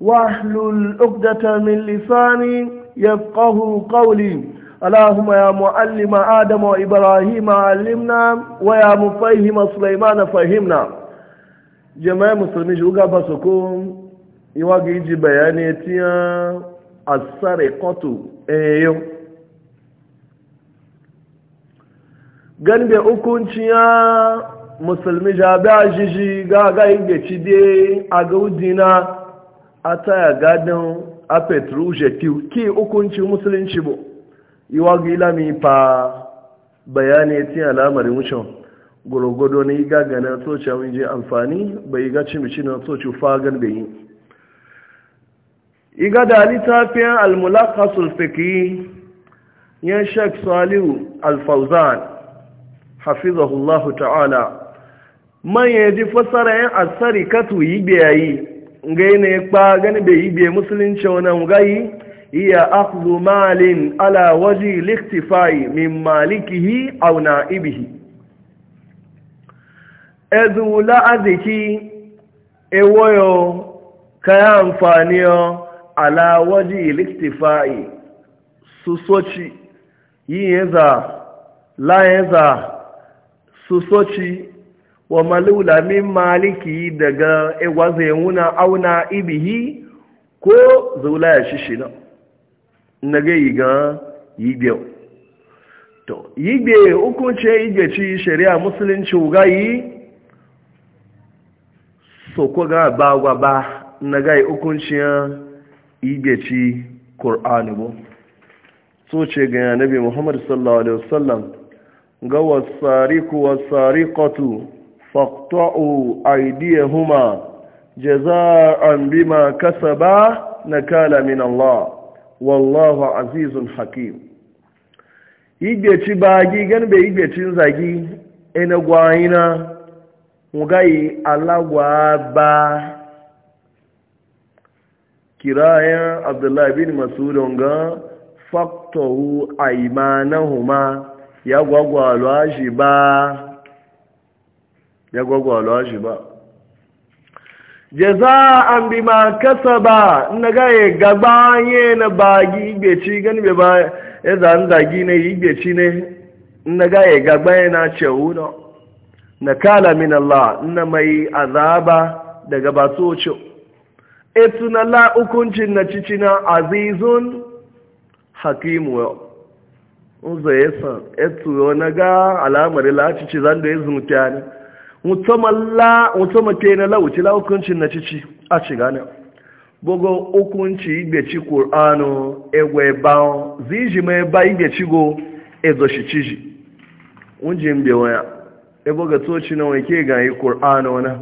واحلل عقدة من لساني يفقه قولي اللهم يا معلم آدم وإبراهيم علمنا ويا مفهم سليمان فهمنا جماعة مسلمين جوغا بسكم يواجه يجي بياني تيا السرقة ايو ganbe hukunciya musulmi jabi a jiji ga ga inda ci dai a gaudina a taya gadon apet rouge ki ukunci musulunci bu iwa gila mi fa bayani ti alamar wucin gwargwado na iga na tsoci amin je amfani bai iga cimici na tsoci fagan da yi iga da littafiyan almulaka sulfiki yan al salihu alfauzan hafizahullahu ta'ala man yaji fasara yan asari katu yi biyayi ngai ne kpa gani bai yi bai musulunci wani gai iya akhdhu malin ala waji liktifai min malikihi aw na'ibihi ezu la aziki ewoyo kaya amfani yo ala waji liktifai su yi yanzu la yanzu su wa malula min maliki daga igwaze wuna auna ibihi ko zaula ya shi shina na ga yi ga yi biyu to yi biyu hukunce igeci shari'a musulunci wugayi so ko ga bagwa ba na ga yi hukuncin kur'an ƙor'ani bu so ce ga yanabi muhammadu sallallahu alaihi wasallam ga wasariku wasarikatu faƙto'u aidiyahuma jaza'an bima kasaba na kala min Allah wallahu azizun hakim igbeci bagi gan be igbecin zagi ngai gwayina mugayi alagwa ba kirayen abdullahi bin masudun ga faktoru aimanahuma ya gwagwalwa shi ba ya gwagwalwa shi ba jaza an bi ma kasa ba na gaye gaba gabanye na bagi igbeci gani be ba ya zan zagi ne igbeci ne na gaye gaba gabanye na ce wuno na kala min Allah na mai azaba daga basocho etuna la hukuncin na cici na azizun hakimu uzo san etu na ga alamari la cici zan da ya zumta ne mutum ke na lauci la hukuncin na cici a ci gane gbogbo hukunci igbechi ƙor'anu egwe baon ziji mai ba igbechi go ezoshi ciji wujin bewaya ebo ga toci na wake gayi ƙor'anu na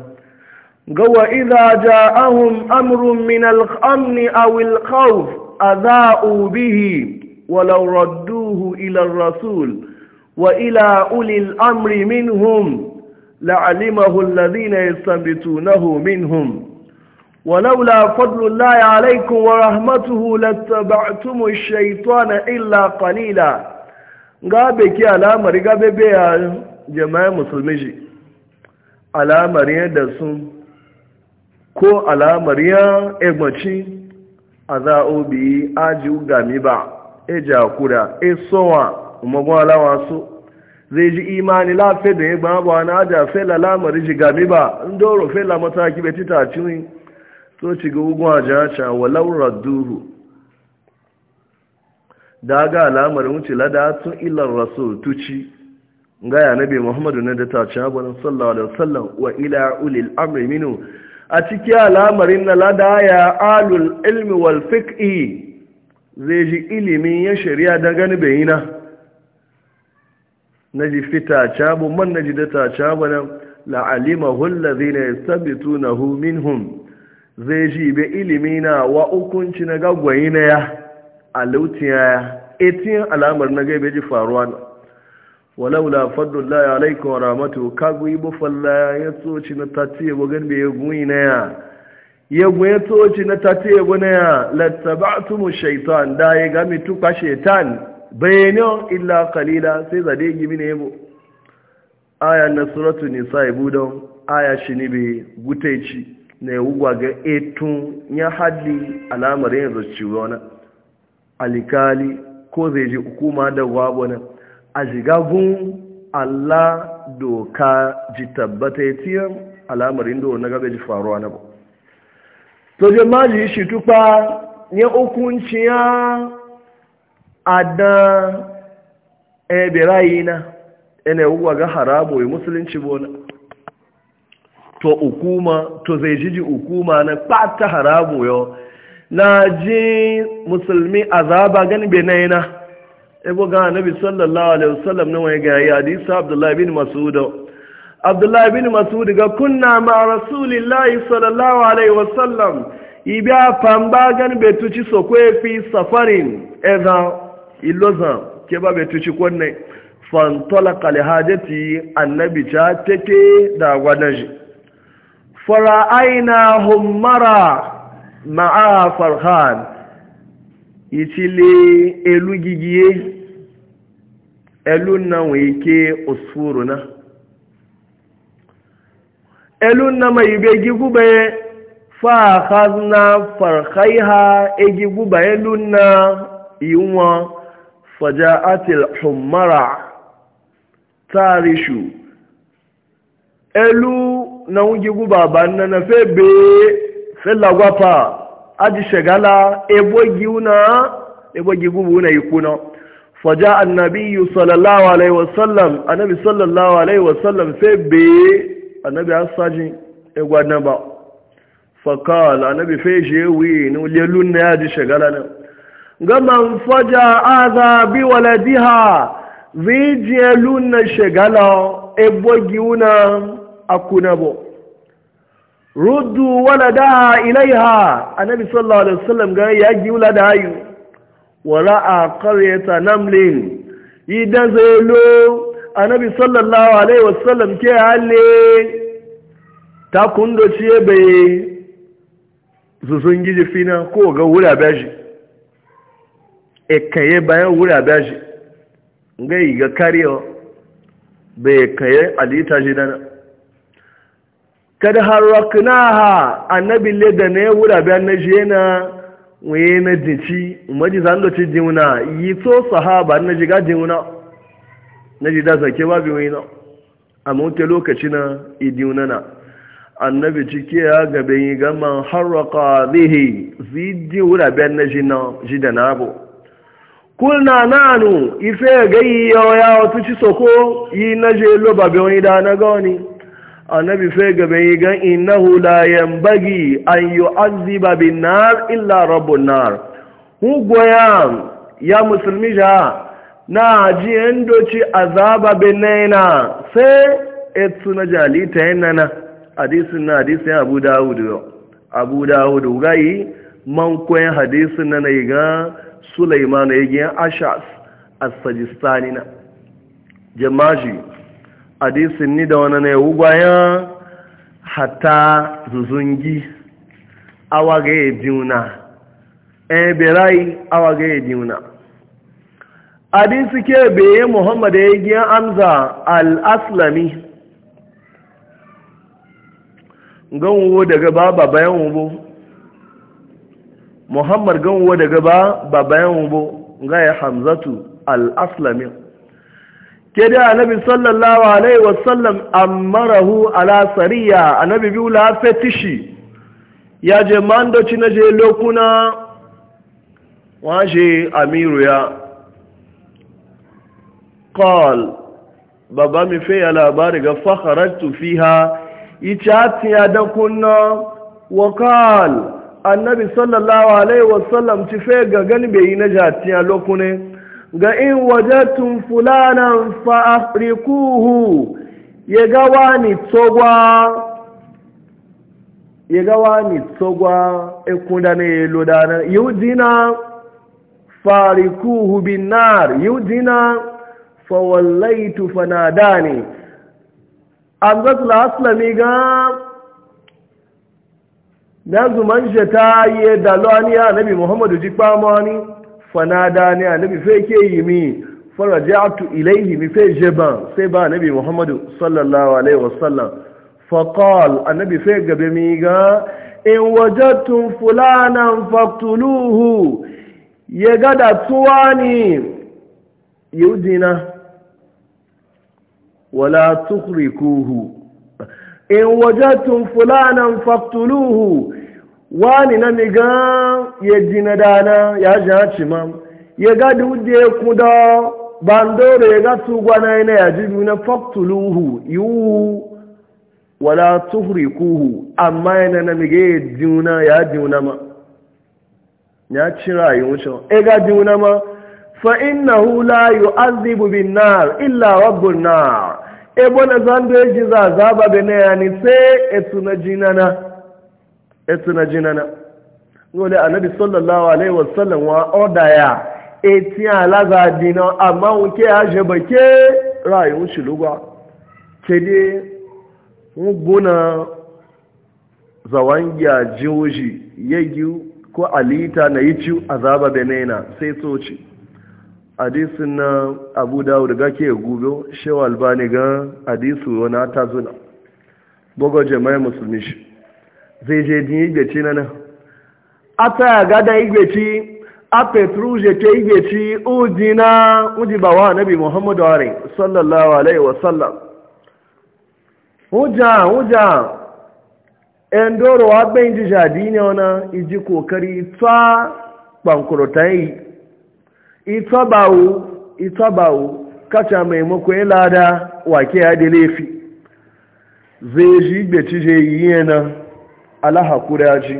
gawa idha ja'ahum amrun min al-amni aw al-khawf adha'u bihi walau radduhu ila ar-rasul wa ila ulil amri minhum لعلمه الذين يستنبتونه منهم ولولا فضل الله عليكم ورحمته لاتبعتم الشيطان إلا قليلا gabe ki alamari gabe beya jama'a musulmi ji alamari da sun ko alamari ya egbaci a za'obi aji gami ba e jakura e sowa umagwalawa su zai ji imani lafe da ya gbaba na aja fela lamari ji gami ba ndoro fela mataki bai tita ciwi to ci ga ugun aja ca walau radduhu da ga lamarin wuce lada tun ilar rasul tuci gaya ya nabi muhammadu na da ta ci abuwan sallallahu sallan wasallam wa ila ulil amri mino a ciki alamarin na lada ya alul ilmi wal fiqhi zai ji ilimin ya shari'a dangane bayina naji fita cabu man naji data cabu nan la'alimahu allazina yastabitunahu minhum zai ji be ilimi na wa hukunci na gagwayi na ya alautiya ya etin alamar na gaibe ji faruwa na walaula fadlullahi alaikum wa rahmatu kagu ibo falla ya tsoci na tatiye bo gan be yagwi na ya gwi ya tsoci na tatiye bo na ya lattaba'tumu shaitan da ya gami tuka shaitan bayanin illa kalila sai zade gimi ne yabo aya na suratu nisa ibu don aya shi ne bai gutaici na ya wugwa ga etun ya haddi alamar yin zuciwa wani alikali ko zai ji hukuma da wabona a jigagun allah doka ji tabbata ya alamar yin da na gaba ji faruwa na ba to jama'a ji shi tupa ya hukunci ya adan ebe rayina ene uwa ga harabo yi e musulunci bona to hukuma to zai jiji hukuma na pata haramu yo na ji musulmi azaba gani naina. ebo ga nabi sallallahu alaihi wasallam ne wai ga yi, hadisi abdullahi bin mas'ud abdullahi bin mas'ud ga kunna ma rasulillahi sallallahu alaihi wasallam ibi a famba gani betuci sokwe fi safarin ezan ilozan ke ba bai tuci kwanne fantola kalihajati annabi ta take da gwanaji fara'aina hummara ma'a farhan itile elu gigi elu na ike usfuru na elu na ma ibe gube fa khazna farhaiha egi gube elu na yiwuwa faja'atil humara tarishu elu na wuge guba na febe aji shagala ebogi una ebogi gubu una ikuna sallallahu alaihi wasallam annabi sallallahu alaihi wasallam febe annabi ba fakal annabi shagala na ga man faja aza bi waladiha zijiye luna shigala ebogi una akunabo ruddu waladaha ilaiha annabi sallallahu alaihi wasallam ga ya giula da ayu wala a qaryata namlin idan zelo annabi sallallahu alaihi wasallam ke halle ta kundo ciye bai zuzungi jifina fina ko ga wura bashi ekaye bayan wura bashi ngai ga kariyo bai kaye alita shi dana kada haraknaha annabi le da ne wura bayan na shi yana waye na dinci maji zan da ci diuna yi to sahaba na jiga diuna na ji da sake babu wayna amma wata lokaci na idiuna na annabi cike ya gaban yi gaman haraka zihi zidi wura bayan na shi na shi da na abu kulna nanu ife gai yau ya wata ci soko yi na je lo bai wani da na gani annabi fe gabe yi gan innahu la yanbaghi an yu'azziba bin nar illa rabbun nar hu goya ya musulmi ja na ji endoci azaba benaina sai etu na jalita nana. hadisun na hadisin abu dawud abu dawud gai man koyan hadisun na na yi Sulaiman ya gina Ashas a sajistani na jamaji hadisin ni da wani ne ugwaya hata zuzungi awa ga yediuna eberai eh, awa ga yediuna hadisi ke beye muhammadu ya gina Amza al-Aslami gan daga baba bayan wubo muhammad ganwa daga ba ba bayan wubo ga ya hamzatu al-aslami ke da annabi sallallahu alaihi wasallam amarahu ala sariya annabi biyu la fetishi ya je mandoci na je lokuna waje amiru ya qal baba mi fe ya labari ga fakharatu fiha ita tiya wa qal annabi sallallahu alaihi wasallam ci fe ga gani bai yi na jatiya lokune ga in wajatun fulanan fa afrikuhu ya ga wani tsogwa ya ga wani tsogwa ikunda ne lodana yudina farikuhu bin nar yudina fa wallaitu fanadani abdul aslami ga na zuman jata yi da lani ya nabi muhammadu ji kpamani fanada ne a nabi fai ke yi mi farajatu ilaihi mi fai jeban sai ba nabi muhammadu sallallahu alaihi wasallam faqal annabi fai gabe mi ga in wajattum fulanan faqtuluhu ya gada tuwani yudina wala tukrikuhu in wajatun fulanan faktuluhu wani na miga ya jina dana ya ji ma ya ga duje ku da bandoro ya ga tugwana yana ya ji na faktuluhu yiwu wala tuhrikuhu amma yana na miga ya juna ya juna ma ya ci rayu wuce ya e ga juna ma fa innahu la yu'azzibu bin nar illa rabbun nar ebo na zando eji za azaba bene yani sai na jinana etuna jinana ngole annabi sallallahu alaihi wasallam wa odaya eti alaza dina amma ya aje bake rayu shilugwa kede ngubuna zawangiya oji yegi ko alita na yi ciwo azaba benena sai tsoci hadisin na abu dawud ga ke gubo shewa albani ga hadisu wani ta zuna bugu jama'i musulmi shi zai je din igbeci na nan a ta gada igbeci a petruje ke igbeci uji na uji ba wa nabi muhammadu ware sallallahu alaihi wasallam hujja hujja endoro wa gbẹ̀yìn jìjà dín ní ọ̀nà ìjì kòkari fa kpankurotan yìí itabawu itabawu kacha ma ya ịlada wake ya efi laifi zai ji gbeci je na yana alaha kuraji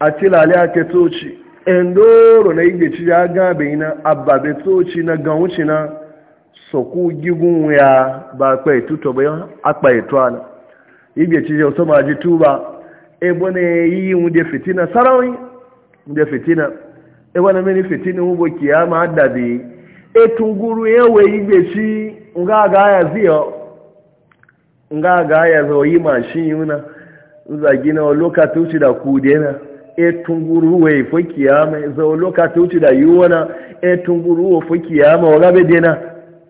a tilali a ke toci endoro na igbeci ya na ababe toci na ganwuci na soku gigun ya ba akpa ituto ba akpa etu ana igbeci je otomaji tuba ebo na yi yi nwude fitina sarawin fitina e wani mini fitini mu kiyama ya ma dabi e tunguru shi nga ga ziyo nga ga ya zo yi mashin yuna zagi na lokacin shi da kudena e tunguru we fo kiyama zo lokacin shi da yuwana e tunguru wo fo kiyama wa gabe dena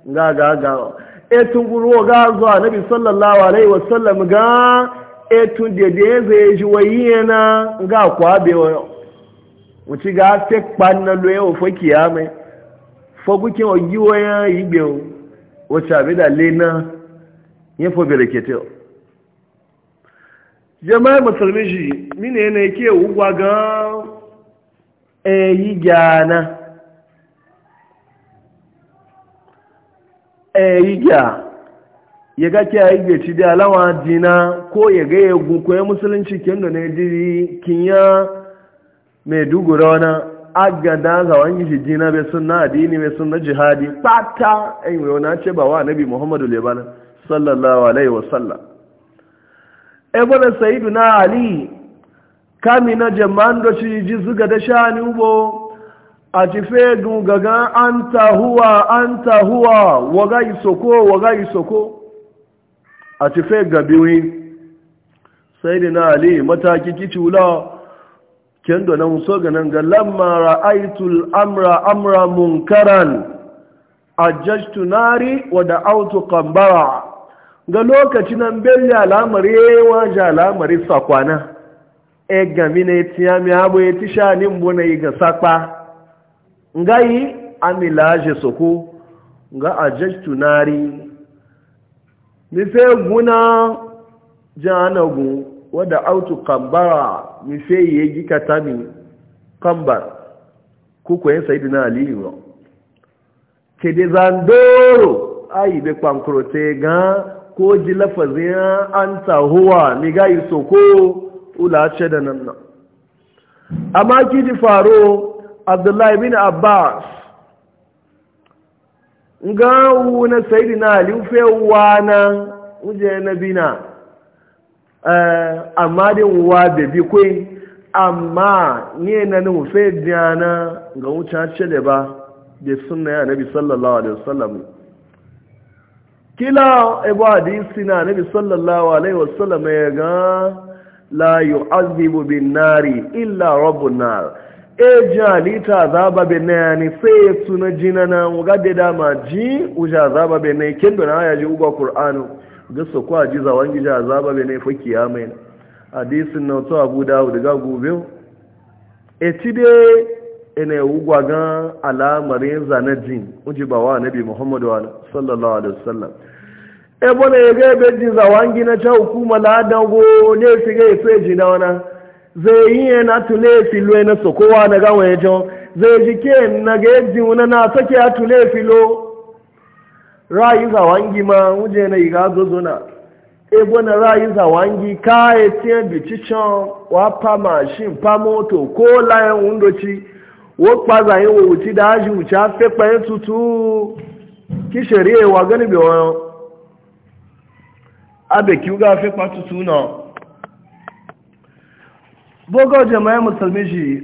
nga ga ga e tunguru ga zo annabi sallallahu alaihi wasallam ga e tun dede zai ji wayena nga kwabe wa wuci ga se kpanna lo yau fa kiyame fa gukin ogi waya ibe o wace abe da lena ya fa berekete o jama'a musulmi shi mine ne ke e ugwa e e ga eyi gyana eyi gya ya ga ke ayi ci da alawa dina ko ya ga ya gukwe musulunci kin da ne diri kinya maiduguri wani agada zawon shi jina bai suna adini bai suna jihadi pata ayin wai wani ce ba wa nabi muhammadu lebanon sallallahu alaihi wasallam ebona Saidu na ali kami na jaman da shi ji zuga da shani ubo a ci fegun gaga an tahuwa an tahuwa waga isoko waga isoko a cife fegun gabiwi Saidu na ali mataki kici wula kendo na muso nan ga lamma ra'aitul amra amra munkaran ajjashtu nari wa da'autu qambara ga lokacin nan belle alamare wa ja alamari sakwana e gami tiya mi abu ya tisha ni mbona yi ga sakpa ngai amilaje soko ga ajjashtu nari ni se guna janagu wadda autu kambara mife ya yi kata mi kambar kuku yin sa'idu na aliyu ba kede zandoro ayi be kwankuro gan ko ji lafazin an tahuwa mi ga yi soko ula da nan nan amma kiji faro abdullahi bin abbas ga wuna sa'idu na aliyu fe wana wuje na bina Eh, amma dai wa da bi amma ne na na fai diana ga wuce da ba da suna ya nabi sallallahu alaihi wasallam kila ebo hadisi na nabi sallallahu alaihi wasallam ya ga la yu'azibu bin nari illa rabbun nar e jalita azaba bin nani sai tuna jinana ga da ma ji uja azaba bin nai kin da na ya ji uba qur'anu gasa ko a jiza wangi a zaba bai ne fa kiyama ne hadisin na wato abu hudu ga gobe e ti de ene ugwa ga alamarin jin uji ba wa nabi muhammadu wa sallallahu alaihi wasallam e bona ya ga be jiza wangi na ta hukuma la dango ne fi ga ife na wana zai yi na tule filo na sokowa na gawa ya jon zai jike na ga yajin wuna na sake ya tule filo rayu za wangi ma wuje na iga zozo na ebo na rayu za wangi ka etie bicichan wa pa machine pa moto ko layan wundoci wo kpaza yin wo wuci da aji wuci afe kpayin tutu ki shari'a wa gani bi wọn abe ki uga afe tutu na bogo jama'a musulmi ji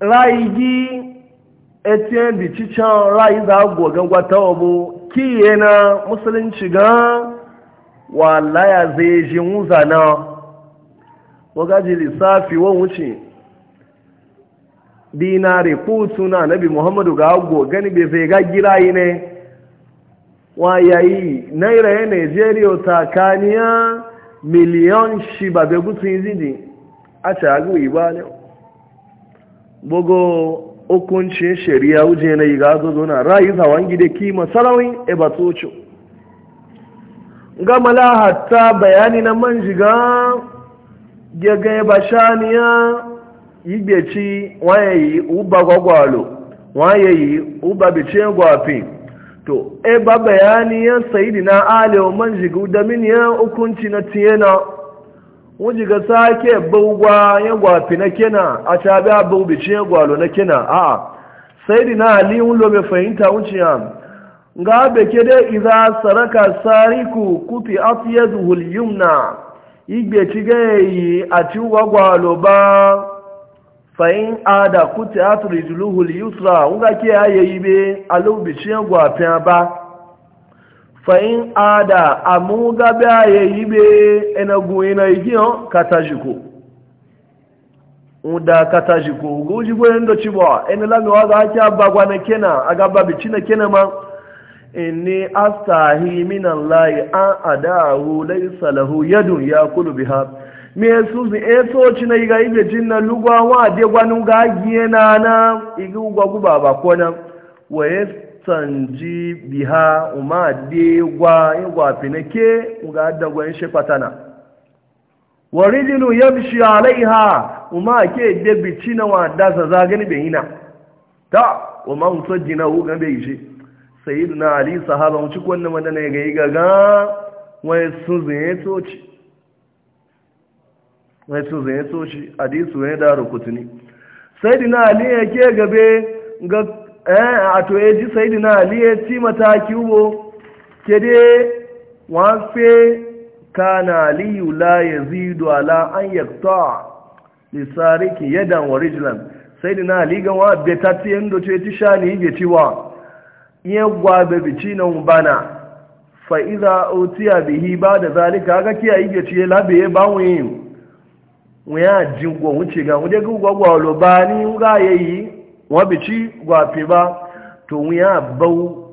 rayu gi etie bicichan rayu za gwogon gwata obo kiye na musulunci ga walaya zai ji wuza na wagaji lissafi wan wuce dinare ko na nabi muhammadu ga agwo gani bai zai ga girayi ne wayayi naira ya nigeria takaniya miliyan shi ba bai gutu izini a cagu ibalio bogo hukuncin shari'a wuje na yi gazo zona rayu zawon gida kima sarawin ebatocho gama hatta bayani na man shiga gaga ba shaniya igbeci waye yi uba gwagwalo waye uba bice gwafi to eba bayani ya sayidi na alewa man shiga da miniyan hukunci na tiyena wuji ga sake bugwa ya gwafi na kina a tabi abu bici ya gwalo na kina a sai dina ali lobe bai fahimta wuciya ga beke dai iza saraka sariku kufi asiyazu yumna igbe ci gayi a ci gwagwalo ba fahim ada kuti asirijuluhul yusra wuga ke ayayi be alubici ya gwafi ba fa'in ada amu gabe ya yi be enagun ina igiyan katajiko da katajiko goji goyon ci cibo eni lagawa ga ake abagwa na kena a gaba bici na kena ma inni astahi minan layi an adahu laisa salahu yadun ya kulu biha me su e eto ci na iga ibe jin na lugwa wa de gwanu ga giyena na igi ugwa guba ba kona wa sanji biha uma de gwa igwa pinake ga dagwan shi patana warijinu yamshi alaiha uma ke de bicina wa da sa zagani be ina ta uma mutso jina u ga be shi ali sahaba mu cikon nan madana ga iga ga wai su zai toci wai su zai toci hadisu ne da rukutuni sayyidina ali yake gabe ga eh a to e ji sayidina ali e ti mataki ubo kede wan fe na aliyu la ya yazidu ala an yaqta li sariki yadan wa rijlan sayidina ali ga wa be tati endo to ti shani ge wa ye gwa be bi bici na bana fa idza utiya bihi ba ba'da zalika ga kiya ige ci labe ba wi wi a jingwo wuce ga wuje gugwa gwa lo ba ni ga yayi wabici gwafi ba to ya bau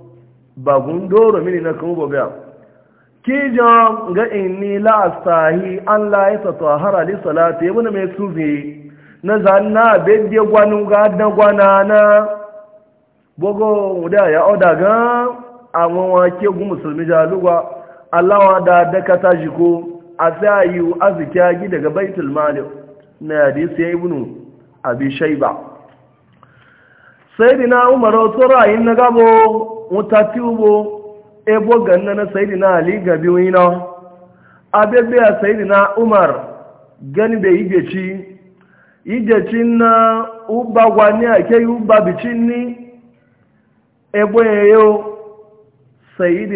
bagun doro mini na kuma bobiya kijan ga inni la'astahi an la'aisa tahara li salati ya mai sufi na zanna de gwanu ga da gwana na bogo da ya oda ga awon wake gu musulmi Allah wa da dakata jiko a azkiya gi daga baitul mali na hadisi ibnu abi shayba sayidina umar wasu ra'ayin na gabo mutati ubo ebo ganna na sayidina ali gabi wina abebe ya na umar gani bai igechi igechin na uba gwani ake yi uba bicin ni ebo yayo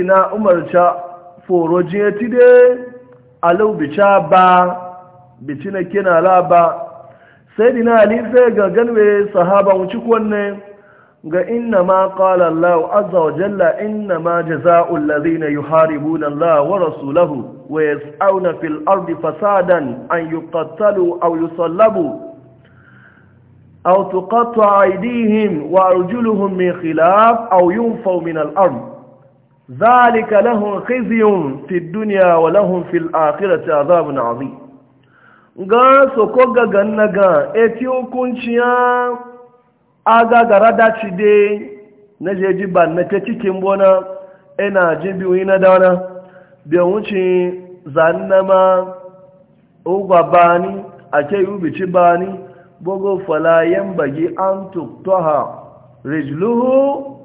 na umar cha foro jiye tide alau bica ba bicina kina la ba na ali zai ga ganwe sahaba wuci kwanne ga inna ma qala Allah azza wa jalla inna ma jazaa'u alladhina yuharibuna Allah wa rasulahu wa yas'auna fil ardi fasadan an yuqattalu aw yusallabu aw tuqatta'a aydihim wa arjuluhum min khilaf aw yunfaw min al ard dhalika lahum khizyun fid dunya wa lahum fil akhirati adhabun عظيم ga sokoga gannaga etiyo kunchiya aga gara daci dai na jeji ba na ta cikin bona ina e ji biyu na dauna biyan wuce zanna ma ugwa ni a ke ba ni bugu falayen bagi an tuktoha rijluhu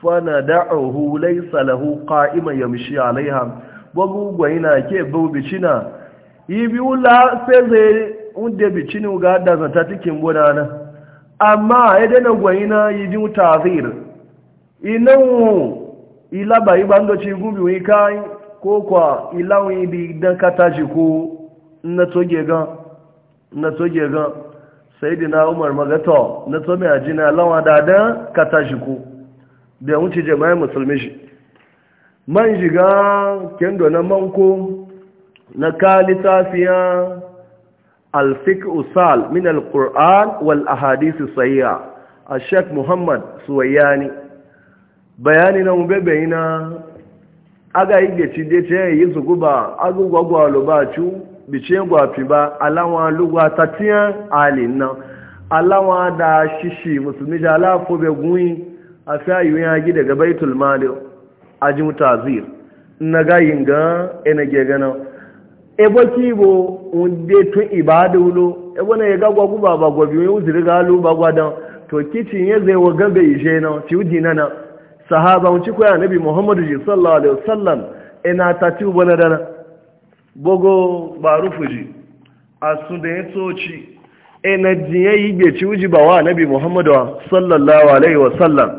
fana da'uhu salahu lahu ya yamshi alaiha bugu na ke na yi biyu la sai zai unde bicini ga da cikin gona na amma ya dana na yi jin tazir inan ilaba yi bandoci gubi wani kayan ko kwa ilawun bi dan katashi ko na toge na toge gan sai dina umar magata na to mai ajina lawa da dan katashi ko da wuce jama'in musulmi shi man shiga kendo na manko na kalita fiya alfik usal min alquran wal ahadisi sahiha a sheikh muhammad suwayyani bayani na mubebe ina aga yi ci de ce yi su guba agugwagwa lubacu bice gwafi ba alawa lugwa tatiyan alin nan alawan da shishi musulmi da alafo bai gunyi a fi ya agi daga baitul mali ajin tazir na gayin ga ina gegana ebo kibo wunde tun ibada wulo ebo na yaga gwa guba gwa biyu uzuri ga lu gwa dan to kici ya zai wa gambe na ci na na sahaba un ya koya nabi muhammadu ji sallallahu alaihi wasallam ina ta ci ubo na dana bogo ba rufu ji a sun da ya soci ina jiye yi gbe ci wa nabi muhammadu sallallahu alaihi wasallam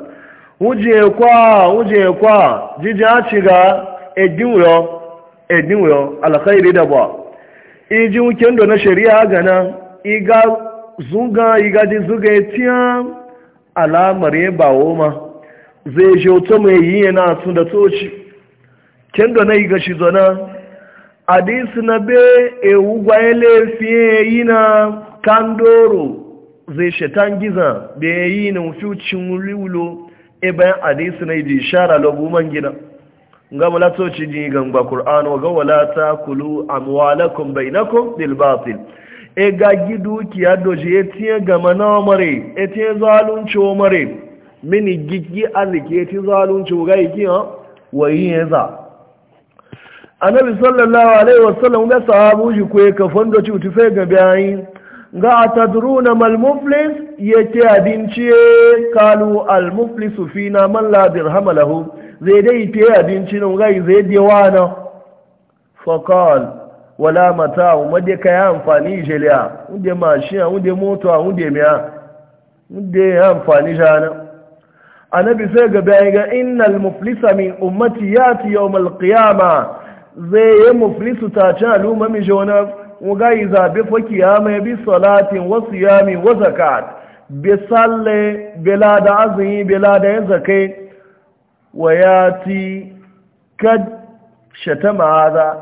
uje kwa uje kwa jija ci ga edin yo edin wuyo alkhairi da ba iji wuken da na shari'a gana iga zuga iga ji zuga ya tiya alamar ya bawo ma zai shi otu mai yi yana sun da toci ken da na iga shi zona adis na be ewu gwaile fiye yi na kandoro zai shetan giza da ya yi na wufi cin wulo ebe adis na iji shara lagu man gida ngam la to ci ji gan ba qur'an wa ta kulu amwalakum bainakum bil batil e ga gidu ki ado je tiye gama na mare e tiye zalunci o mare mini gigi alike ti zalunci ga yi ha wayi ya za annabi sallallahu alaihi wasallam ga sahabu ji ko e ka fondo ci fe ga bayin ga atadruna mal muflis yake abinci kalu al muflis fina man la dirham lahu zai dai fiye abinci nan gai zai je wani Fokal wala mata wadda ka yi amfani jeliya wadda mashiya wadda mota wadda miya wadda ya amfani na bi sai ga bayan ga innal muflisa min ummati ti yau qiyama zai yi muflisu ta ci al'umma mi jona wuga yi fa faki ya bi salatin wasu siyamin wa zakat bi salle bila da azumi lada da zakai wa ya ti kad shatama haza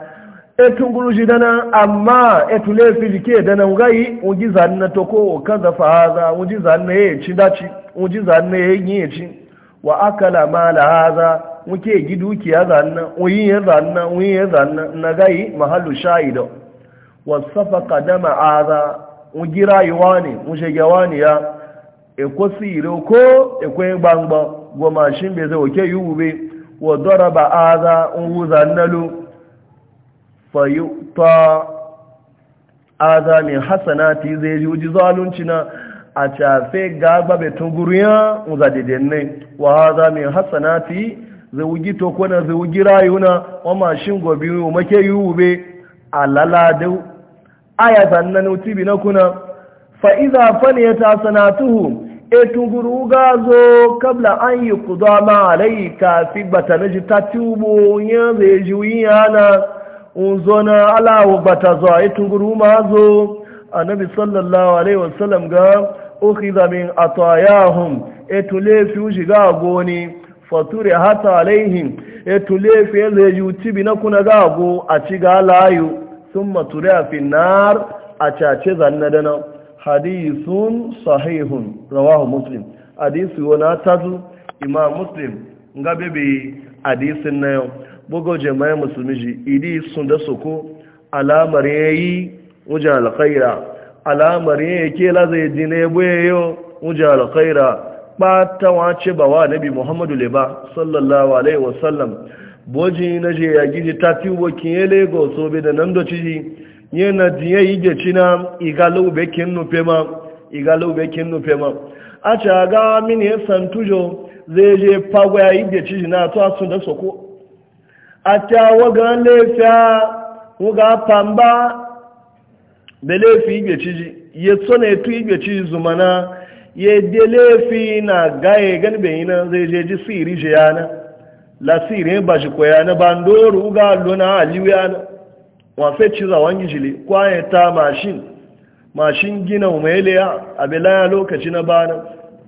etun guruji dana amma etu lefi jike dana ngai uji zanna to ko kaza fa haza uji zanna ye ci daci uji zanna ye yin ci wa akala mala haza muke gi dukiya zanna uyi ya zanna uyi ya zanna nagai mahallu shaido wa safaqa dama haza uji rayuwa ne muje gawa ne ya ekwosi ire ko ekwe gbangba Goma shi bai zai wake yi wube wa daraba aza un huza nalu fayuta aza min hasanati zai ji uji zalunci na a cafe gaba bai tunguriya unza didenne wa aza min hasanati zai wugi tokona zai wugi rayuna wa mashin gobe yi make yi wube a laladu aya zannan utibi na kuna fa'iza fane ya ta sanatuhu etunguru gazo kabla an yi kudu ma alai kafi bata na ji ta tubo yin zai ji wiyana unzo na alawo bata zuwa etunguru ma zo annabi sallallahu alaihi wasallam ga ukhiza min atayahum etule fi shiga goni fature hata alaihim etule fi zai ji utibi na kuna gago a ci ga layu sun mature a finnar a cace zanna dana. hadisun sahihun rawahu muslim hadithu wani tazu imam muslim nga bebe hadisin na yau bugo jama'in musulmi ji idi sun da soko alamar ya yi wujen alkhaira alamar ya ke laza ya na ya ya yau, wujen alkhaira ɓata ce ba wa nabi muhammadu leba sallallahu alaihi wasallam boji na je ya gidi ta tiwo kinye lagos obi da nan da ciji nye na dinye ije china igala ubekin nufe ma igala ubekin nufe a ce ga mini e ya zai je fagwa ya ji na to asun da soko a ta waga a waga pamba da laifi igwe ji ya tsona etu igwe ji zumana ya de laifi na gaye gani na zai je ji siri ya na la siri ba shi koya na bandoro ga lona aliyu na. wafe ciza wangi jili kwaye ta mashin mashin gina umeliya a belaya lokaci na bana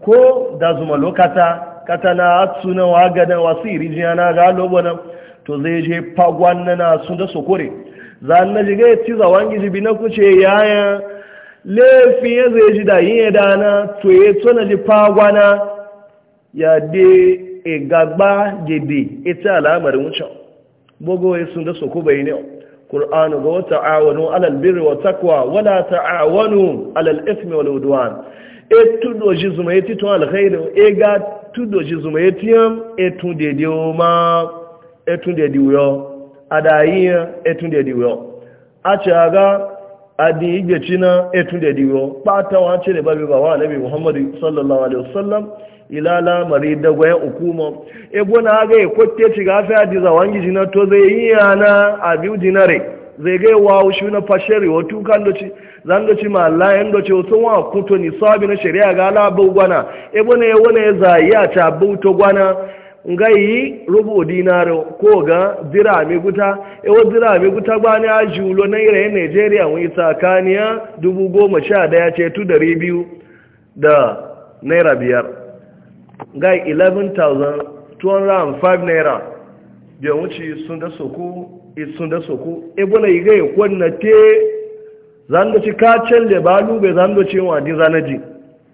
ko da zuma lokata kata na atsu na wagana wasu irijiya na ga lobana to zai je fagwan na sun da sokore za na jiga ya ciza wangi jibi na kuce yaya laifin ya zai ji da yin ya na, to ya na ji fagwana ya de e gagba gebe ita alamar wucin bugowa e sun da soko bai ne Kur'anu ga wata awonu alal birri wa takwa wala ta'awonu alal ismi wal udwan e tudo ji zuma yati to alkhairu e ga tudo ji zuma yati am e tun o ma e tun de di yo adayi e tun de di yo a ga adi igbe china e tun de di yo pata wa ce da babu ba wa nabi muhammadu sallallahu alaihi wasallam ilala mari da gwaya hukumar ebo na ga ikotte ci gafi a diza wangi jina to zai yi yana biyu dinare zai gai wa shi na fashari wa tukan da ci zan do ci ma Allah yan do ce so wa kuto ni sabi na shari'a ga labar gwana ebo na wona za ya ta a to gwana ngai rubu dinaro ko ga dirami guta ewo dirami guta gbani a julo na ire Nigeria wani tsakaniya 1011 ce tu 200 da naira biyar ga 11,205 naira biyan wuce sun da soko eh, sun da soko ebuna yi ga ikon na te zandoci kacin da ba lube zandoci wadi zanaji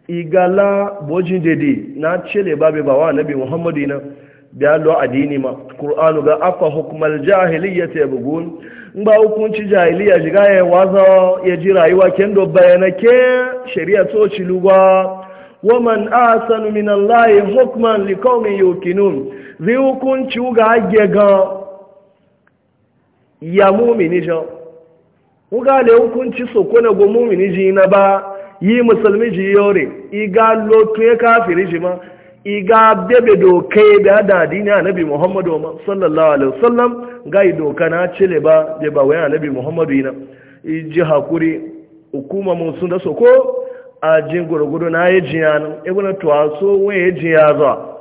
igala bojin dede na cele babe ba wa nabi muhammadu na biya lo adini ma ƙur'anu ga afa hukumar jahiliya ta in ba hukunci jahiliya shiga ya waza ya ji rayuwa kendo bayanake shari'a tsoci lugwa waman asanu min allahi hukman li qaumin yuqinun zai hukunci ga age ga ya mumini jo uga le hukunci so kona go mumini ji na ba yi musulmi ji yore iga lotu k'a e kafiri ji ma iga bebe dokai da da dini annabi muhammadu sallallahu alaihi wasallam ga doka na cile ba be ba wai annabi muhammadu ina ji hakuri hukuma mun sun soko a jin gurgudu na yi jiya nan ibina tuwaso wani ya jiya zuwa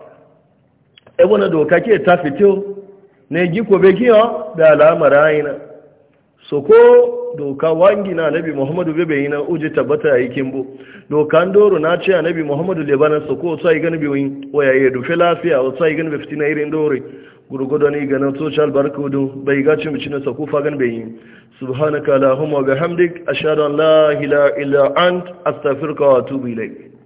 ibina doka ke ta fito na yi kobe giya da alamar ayina. so ko doka wangi na nabi muhammadu bebe yi na uji tabbata ya yi kimbo doka doro na ce a nabi muhammadu lebanon so ko sai gani biyu waya ya dufe lafiya wasu sai gani bai fitina irin doro. ga nan social hudu bai gaci mace na sako fagen bai yi subhanaka wa bihamdik ashhadu an la ilaha illa ant astaghfiruka wa atubu ilayk